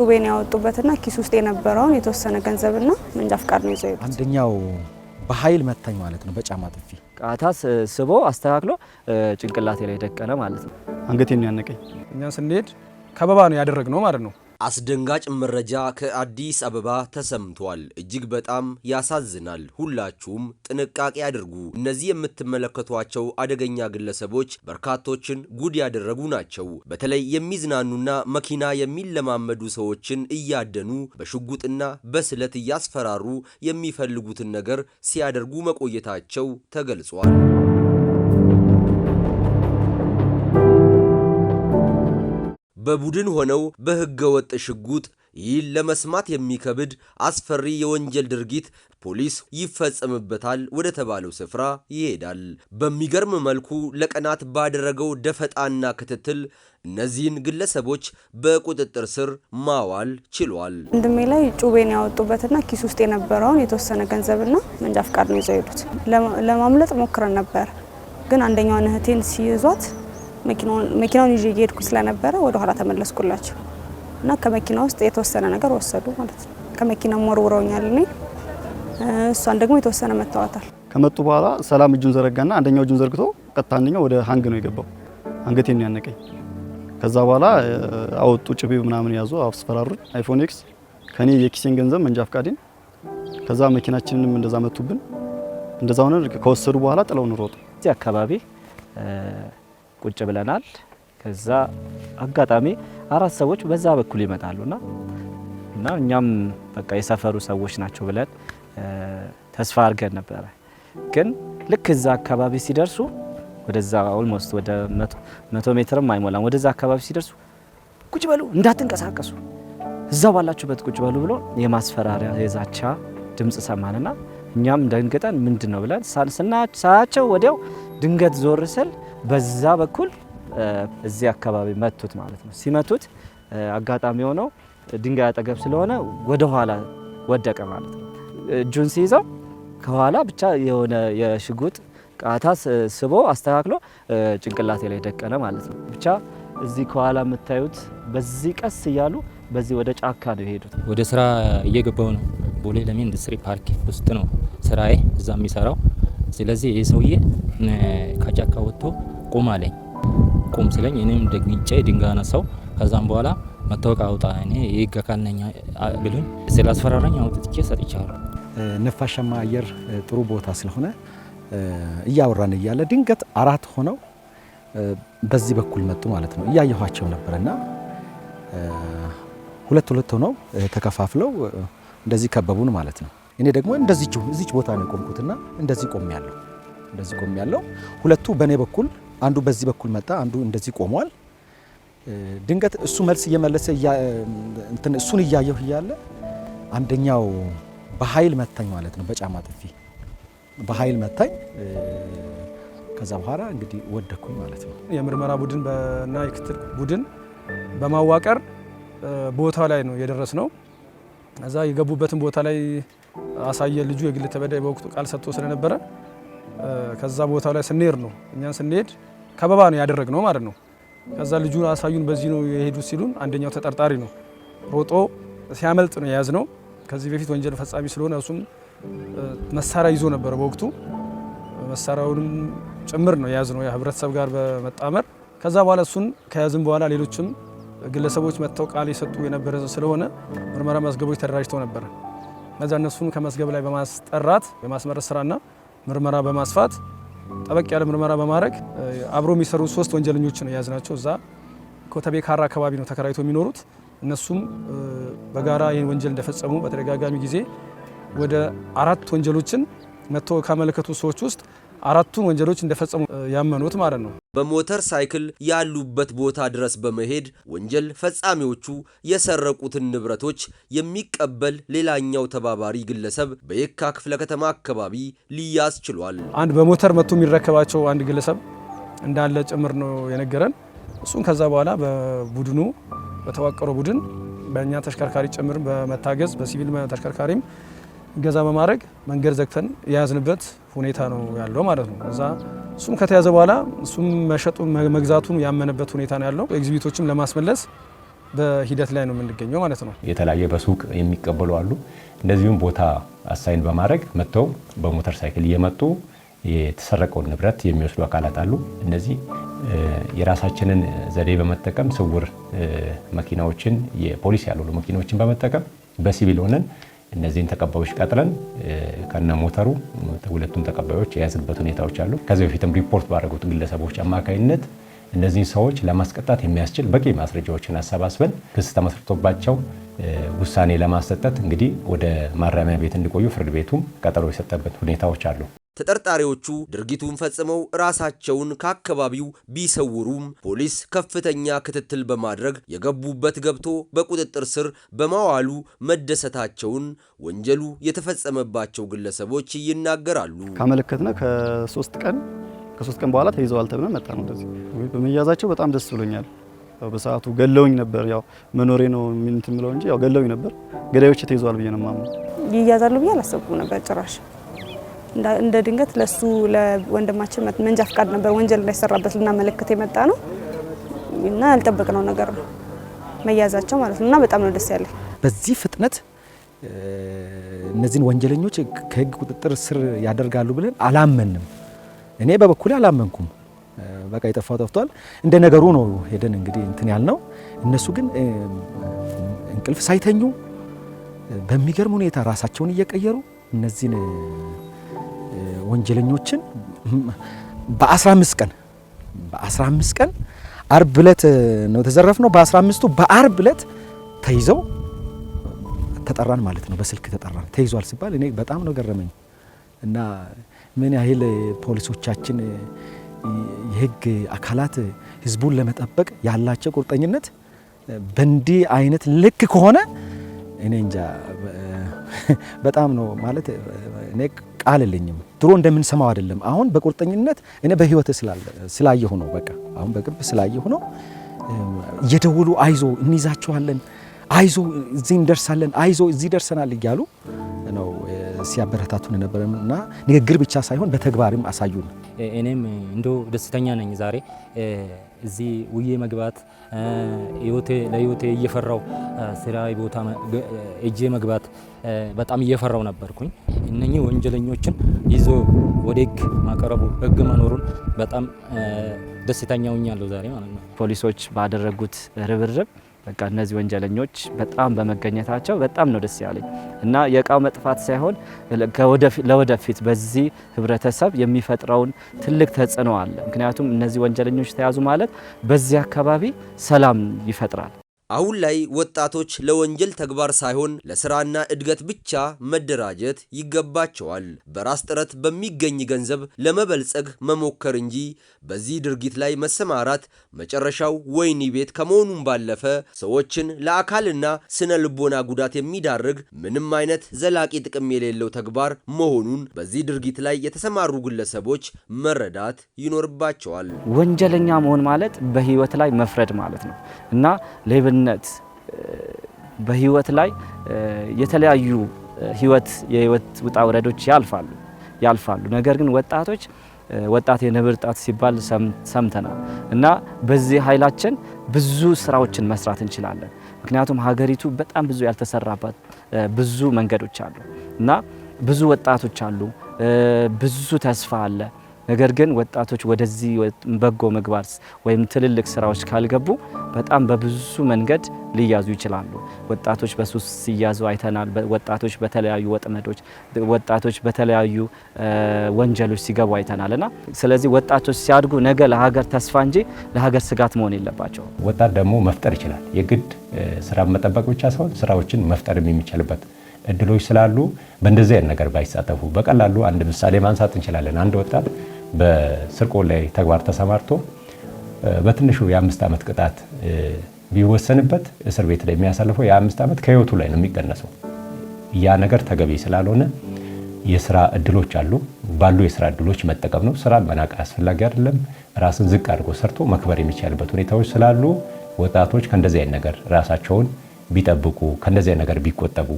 ጩቤን ያወጡበትና ኪስ ውስጥ የነበረውን የተወሰነ ገንዘብና መንጃ ፍቃድ ነው ይዘው አንደኛው በኃይል መታኝ ማለት ነው። በጫማ ጥፊ ቃታ ስቦ አስተካክሎ ጭንቅላቴ ላይ ደቀነ ማለት ነው። አንገቴን ያነቀኝ። እኛ ስንሄድ ከበባ ነው ያደረግ ነው ማለት ነው። አስደንጋጭ መረጃ ከአዲስ አበባ ተሰምቷል። እጅግ በጣም ያሳዝናል። ሁላችሁም ጥንቃቄ አድርጉ። እነዚህ የምትመለከቷቸው አደገኛ ግለሰቦች በርካቶችን ጉድ ያደረጉ ናቸው። በተለይ የሚዝናኑና መኪና የሚለማመዱ ሰዎችን እያደኑ በሽጉጥና በስለት እያስፈራሩ የሚፈልጉትን ነገር ሲያደርጉ መቆየታቸው ተገልጿል። በቡድን ሆነው ወጥ ሽጉጥ ይህን ለመስማት የሚከብድ አስፈሪ የወንጀል ድርጊት ፖሊስ ይፈጸምበታል ወደ ተባለው ስፍራ ይሄዳል። በሚገርም መልኩ ለቀናት ባደረገው ደፈጣና ክትትል እነዚህን ግለሰቦች በቁጥጥር ስር ማዋል ችሏል። ወንድሜ ላይ ጩቤን ያወጡበትና ኪስ ውስጥ የነበረውን የተወሰነ ገንዘብና መንጃ ፍቃድ ነው ይዘው ሄዱት። ለማምለጥ ሞክረን ነበር፣ ግን አንደኛውን እህቴን ሲይዟት መኪናውን ይዤ እየሄድኩ ስለነበረ ወደ ኋላ ተመለስኩላቸው እና ከመኪና ውስጥ የተወሰነ ነገር ወሰዱ ማለት ነው። ከመኪናው ወርውረውኛል። እኔ እሷን ደግሞ የተወሰነ መተዋታል። ከመጡ በኋላ ሰላም እጁን ዘረጋና አንደኛው እጁን ዘርግቶ ቀጥታ አንደኛው ወደ ሀንግ ነው የገባው። አንገቴን ያነቀኝ። ከዛ በኋላ አወጡ፣ ጭቤ ምናምን ያዙ፣ አስፈራሩኝ። አይፎን ኤክስ ከኔ የኪሴን ገንዘብ መንጃ ፍቃዴን፣ ከዛ መኪናችንንም እንደዛ መቱብን። እንደዛ ሆነ ከወሰዱ በኋላ ጥለውን ሮጡ። እዚህ አካባቢ ቁጭ ብለናል። ከዛ አጋጣሚ አራት ሰዎች በዛ በኩል ይመጣሉና እና እኛም በቃ የሰፈሩ ሰዎች ናቸው ብለን ተስፋ አድርገን ነበረ። ግን ልክ እዛ አካባቢ ሲደርሱ ወደዛ ኦልሞስት ወደ መቶ ሜትርም አይሞላም ወደዛ አካባቢ ሲደርሱ ቁጭ በሉ እንዳትንቀሳቀሱ፣ እዛው ባላችሁበት ቁጭ በሉ ብሎ የማስፈራሪያ የዛቻ ድምፅ ሰማንና እኛም ደንግጠን ምንድን ነው ብለን ሳያቸው ወዲያው ድንገት ዞር ስል በዛ በኩል እዚህ አካባቢ መቱት ማለት ነው። ሲመቱት አጋጣሚ የሆነው ድንጋይ አጠገብ ስለሆነ ወደኋላ ወደቀ ማለት ነው። እጁን ሲይዘው ከኋላ ብቻ የሆነ የሽጉጥ ቃታ ስቦ አስተካክሎ ጭንቅላቴ ላይ ደቀነ ማለት ነው። ብቻ እዚህ ከኋላ የምታዩት በዚህ ቀስ እያሉ በዚህ ወደ ጫካ ነው የሄዱት። ወደ ስራ እየገባው ነው። ቦሌ ለሚ ኢንዱስትሪ ፓርክ ውስጥ ነው ስራዬ እዛ የሚሰራው። ስለዚህ ይህ ሰውዬ ከጫካ ወጥቶ ቁም አለኝ። ቁም ስለኝ እኔም ደግጬ ድንጋና ሰው ከዛም በኋላ መታወቂያ አውጣ እኔ የህግ አካል ነኝ ብሉኝ ስላስፈራራኝ አውጥቼ ሰጥቻለሁ። ነፋሻማ አየር ጥሩ ቦታ ስለሆነ እያወራን እያለ ድንገት አራት ሆነው በዚህ በኩል መጡ ማለት ነው። እያየኋቸው ነበርና ሁለት ሁለት ሆነው ተከፋፍለው እንደዚህ ከበቡን ማለት ነው። እኔ ደግሞ እንደዚህ እዚች ቦታ ነው የቆምኩትና እንደዚህ ቆም ያለው እንደዚህ ቆም ያለው ሁለቱ በእኔ በኩል አንዱ በዚህ በኩል መጣ፣ አንዱ እንደዚህ ቆሟል። ድንገት እሱ መልስ እየመለሰ እሱን እያየሁ እያለ አንደኛው በኃይል መታኝ ማለት ነው፣ በጫማ ጥፊ በኃይል መታኝ። ከዛ በኋላ እንግዲህ ወደኩኝ ማለት ነው። የምርመራ ቡድን እና የክትል ቡድን በማዋቀር ቦታ ላይ ነው የደረስ ነው። እዛ የገቡበትን ቦታ ላይ አሳየ። ልጁ የግል ተበዳይ በወቅቱ ቃል ሰጥቶ ስለነበረ ከዛ ቦታ ላይ ስንሄድ ነው እኛን ስንሄድ ከበባ ነው ያደረግ ነው ማለት ነው። ከዛ ልጁን አሳዩን በዚህ ነው የሄዱ ሲሉን አንደኛው ተጠርጣሪ ነው ሮጦ ሲያመልጥ ነው ነው። ከዚህ በፊት ወንጀል ፈጻሚ ስለሆነ እሱም መሳሪያ ይዞ ነበረ በወቅቱ መሳሪያውንም ጭምር ነው ነው ህብረተሰብ ጋር በመጣመር ከዛ በኋላ እሱን ከያዝን በኋላ ሌሎችም ግለሰቦች መጥተው ቃል የሰጡ የነበረ ስለሆነ ምርመራ መዝገቦች ተደራጅተው ነበረ። እነዛ እነሱን ከመስገብ ላይ በማስጠራት የማስመረስ ስራና ምርመራ በማስፋት ጠበቅ ያለ ምርመራ በማድረግ አብሮ የሚሰሩ ሶስት ወንጀለኞችን ነው የያዝናቸው። እዛ ኮተቤ ካራ አካባቢ ነው ተከራይቶ የሚኖሩት። እነሱም በጋራ ይህን ወንጀል እንደፈጸሙ በተደጋጋሚ ጊዜ ወደ አራት ወንጀሎችን መጥቶ ካመለከቱ ሰዎች ውስጥ አራቱን ወንጀሎች እንደፈጸሙ ያመኑት ማለት ነው። በሞተር ሳይክል ያሉበት ቦታ ድረስ በመሄድ ወንጀል ፈጻሚዎቹ የሰረቁትን ንብረቶች የሚቀበል ሌላኛው ተባባሪ ግለሰብ በየካ ክፍለ ከተማ አካባቢ ሊያዝ ችሏል። አንድ በሞተር መቶ የሚረከባቸው አንድ ግለሰብ እንዳለ ጭምር ነው የነገረን። እሱን ከዛ በኋላ በቡድኑ በተዋቀረው ቡድን በእኛ ተሽከርካሪ ጭምር በመታገዝ በሲቪል ተሽከርካሪም እገዛ በማድረግ መንገድ ዘግተን የያዝንበት ሁኔታ ነው ያለው ማለት ነው። እዛ እሱም ከተያዘ በኋላ እሱም መሸጡ መግዛቱም ያመነበት ሁኔታ ነው ያለው። ኤግዚቢቶችም ለማስመለስ በሂደት ላይ ነው የምንገኘው ማለት ነው። የተለያየ በሱቅ የሚቀበሉ አሉ። እንደዚሁም ቦታ አሳይን በማድረግ መጥተው በሞተር ሳይክል እየመጡ የተሰረቀውን ንብረት የሚወስዱ አካላት አሉ። እነዚህ የራሳችንን ዘዴ በመጠቀም ስውር መኪናዎችን የፖሊስ ያልሆኑ መኪናዎችን በመጠቀም በሲቪል ሆነን እነዚህን ተቀባዮች ቀጥለን ከነ ሞተሩ ሁለቱን ተቀባዮች የያዝንበት ሁኔታዎች አሉ። ከዚህ በፊትም ሪፖርት ባደረጉት ግለሰቦች አማካኝነት እነዚህን ሰዎች ለማስቀጣት የሚያስችል በቂ ማስረጃዎችን አሰባስበን ክስ ተመስርቶባቸው ውሳኔ ለማሰጠት እንግዲህ ወደ ማረሚያ ቤት እንዲቆዩ ፍርድ ቤቱም ቀጠሮ የሰጠበት ሁኔታዎች አሉ። ተጠርጣሪዎቹ ድርጊቱን ፈጽመው ራሳቸውን ከአካባቢው ቢሰውሩም ፖሊስ ከፍተኛ ክትትል በማድረግ የገቡበት ገብቶ በቁጥጥር ስር በማዋሉ መደሰታቸውን ወንጀሉ የተፈጸመባቸው ግለሰቦች ይናገራሉ። ካመለከትነ ከሶስት ቀን ከሶስት ቀን በኋላ ተይዘዋል ተብለን መጣ ነው። እንደዚህ በመያዛቸው በጣም ደስ ብሎኛል። በሰዓቱ ገለውኝ ነበር። ያው መኖሬ ነው እንትን ምለው እንጂ ያው ገለውኝ ነበር። ገዳዮች ተይዘዋል ብዬ ነው ማምነው። ይያዛሉ ብዬ አላሰብኩም ነበር ጭራሽ። እንደ ድንገት ለሱ ለወንድማችን መንጃ ፍቃድ ነበር ወንጀል እንዳይሰራበት ልናመለክት የመጣ ነው እና ያልጠበቅነው ነገር ነው መያዛቸው ማለት ነው እና በጣም ነው ደስ ያለኝ። በዚህ ፍጥነት እነዚህን ወንጀለኞች ከህግ ቁጥጥር ስር ያደርጋሉ ብለን አላመንም። እኔ በበኩሌ አላመንኩም። በቃ የጠፋው ጠፍቷል እንደ ነገሩ ነው ሄደን እንግዲህ እንትን ያልነው። እነሱ ግን እንቅልፍ ሳይተኙ በሚገርም ሁኔታ ራሳቸውን እየቀየሩ እነዚህን ወንጀለኞችን በ15 ቀን በ15 ቀን አርብ ዕለት ነው ነው በ በ15ቱ በአርብ ዕለት ተይዘው ተጠራን ማለት ነው። በስልክ ተጠራን። ተይዟል ሲባል እኔ በጣም ነው ገረመኝ እና ምን ያህል ፖሊሶቻችን የህግ አካላት ህዝቡን ለመጠበቅ ያላቸው ቁርጠኝነት በእንዲህ አይነት ልክ ከሆነ እኔ እንጃ በጣም ነው ማለት እኔ ቃል የለኝም። ድሮ እንደምንሰማው አይደለም። አሁን በቁርጠኝነት እኔ በህይወት ስላየሁ ነው። በቃ አሁን በቅርብ ስላየሁ ነው። እየደወሉ አይዞ እንይዛችኋለን፣ አይዞ እዚህ እንደርሳለን፣ አይዞ እዚህ ደርሰናል እያሉ ነው ሲያበረታቱን የነበረም እና ንግግር ብቻ ሳይሆን በተግባርም አሳዩን። እኔም እንዶ ደስተኛ ነኝ ዛሬ እዚህ ውዬ መግባት ለህይወቴ እየፈራው ስራ ቦታ እጄ መግባት በጣም እየፈራው ነበርኩኝ። እነኚህ ወንጀለኞችን ይዞ ወደ ህግ ማቀረቡ ህግ መኖሩን በጣም ደስተኛ ሆኛለሁ ዛሬ ማለት ነው። ፖሊሶች ባደረጉት ርብርብ በቃ እነዚህ ወንጀለኞች በጣም በመገኘታቸው በጣም ነው ደስ ያለኝ እና የእቃው መጥፋት ሳይሆን ለወደፊት በዚህ ህብረተሰብ የሚፈጥረውን ትልቅ ተጽዕኖ አለ። ምክንያቱም እነዚህ ወንጀለኞች ተያዙ ማለት በዚህ አካባቢ ሰላም ይፈጥራል። አሁን ላይ ወጣቶች ለወንጀል ተግባር ሳይሆን ለስራና እድገት ብቻ መደራጀት ይገባቸዋል። በራስ ጥረት በሚገኝ ገንዘብ ለመበልጸግ መሞከር እንጂ በዚህ ድርጊት ላይ መሰማራት መጨረሻው ወህኒ ቤት ከመሆኑም ባለፈ ሰዎችን ለአካልና ስነ ልቦና ጉዳት የሚዳርግ ምንም አይነት ዘላቂ ጥቅም የሌለው ተግባር መሆኑን በዚህ ድርጊት ላይ የተሰማሩ ግለሰቦች መረዳት ይኖርባቸዋል። ወንጀለኛ መሆን ማለት በህይወት ላይ መፍረድ ማለት ነው እና በእምነት በህይወት ላይ የተለያዩ ህይወት የህይወት ውጣ ውረዶች ያልፋሉ ያልፋሉ። ነገር ግን ወጣቶች ወጣት የነብር ጣት ሲባል ሰምተናል እና በዚህ ኃይላችን ብዙ ስራዎችን መስራት እንችላለን። ምክንያቱም ሀገሪቱ በጣም ብዙ ያልተሰራባት ብዙ መንገዶች አሉ እና ብዙ ወጣቶች አሉ፣ ብዙ ተስፋ አለ። ነገር ግን ወጣቶች ወደዚህ በጎ ምግባር ወይም ትልልቅ ስራዎች ካልገቡ በጣም በብዙ መንገድ ሊያዙ ይችላሉ። ወጣቶች በሱስ ሲያዙ አይተናል። ወጣቶች በተለያዩ ወጥመዶች፣ ወጣቶች በተለያዩ ወንጀሎች ሲገቡ አይተናል እና ስለዚህ ወጣቶች ሲያድጉ ነገ ለሀገር ተስፋ እንጂ ለሀገር ስጋት መሆን የለባቸው። ወጣት ደግሞ መፍጠር ይችላል። የግድ ስራ መጠበቅ ብቻ ሳይሆን ስራዎችን መፍጠር የሚችልበት እድሎች ስላሉ በእንደዚህ አይነት ነገር ባይሳተፉ። በቀላሉ አንድ ምሳሌ ማንሳት እንችላለን። አንድ ወጣት በስርቆት ላይ ተግባር ተሰማርቶ በትንሹ የአምስት ዓመት ቅጣት ቢወሰንበት እስር ቤት ላይ የሚያሳልፈው የአምስት ዓመት ከህይወቱ ላይ ነው የሚቀነሰው። ያ ነገር ተገቢ ስላልሆነ የስራ እድሎች አሉ፣ ባሉ የስራ እድሎች መጠቀም ነው። ስራ መናቅ አስፈላጊ አይደለም። ራስን ዝቅ አድርጎ ሰርቶ መክበር የሚቻልበት ሁኔታዎች ስላሉ ወጣቶች ከእንደዚህ አይነት ነገር ራሳቸውን ቢጠብቁ፣ ከእንደዚህ አይነት ነገር ቢቆጠቡ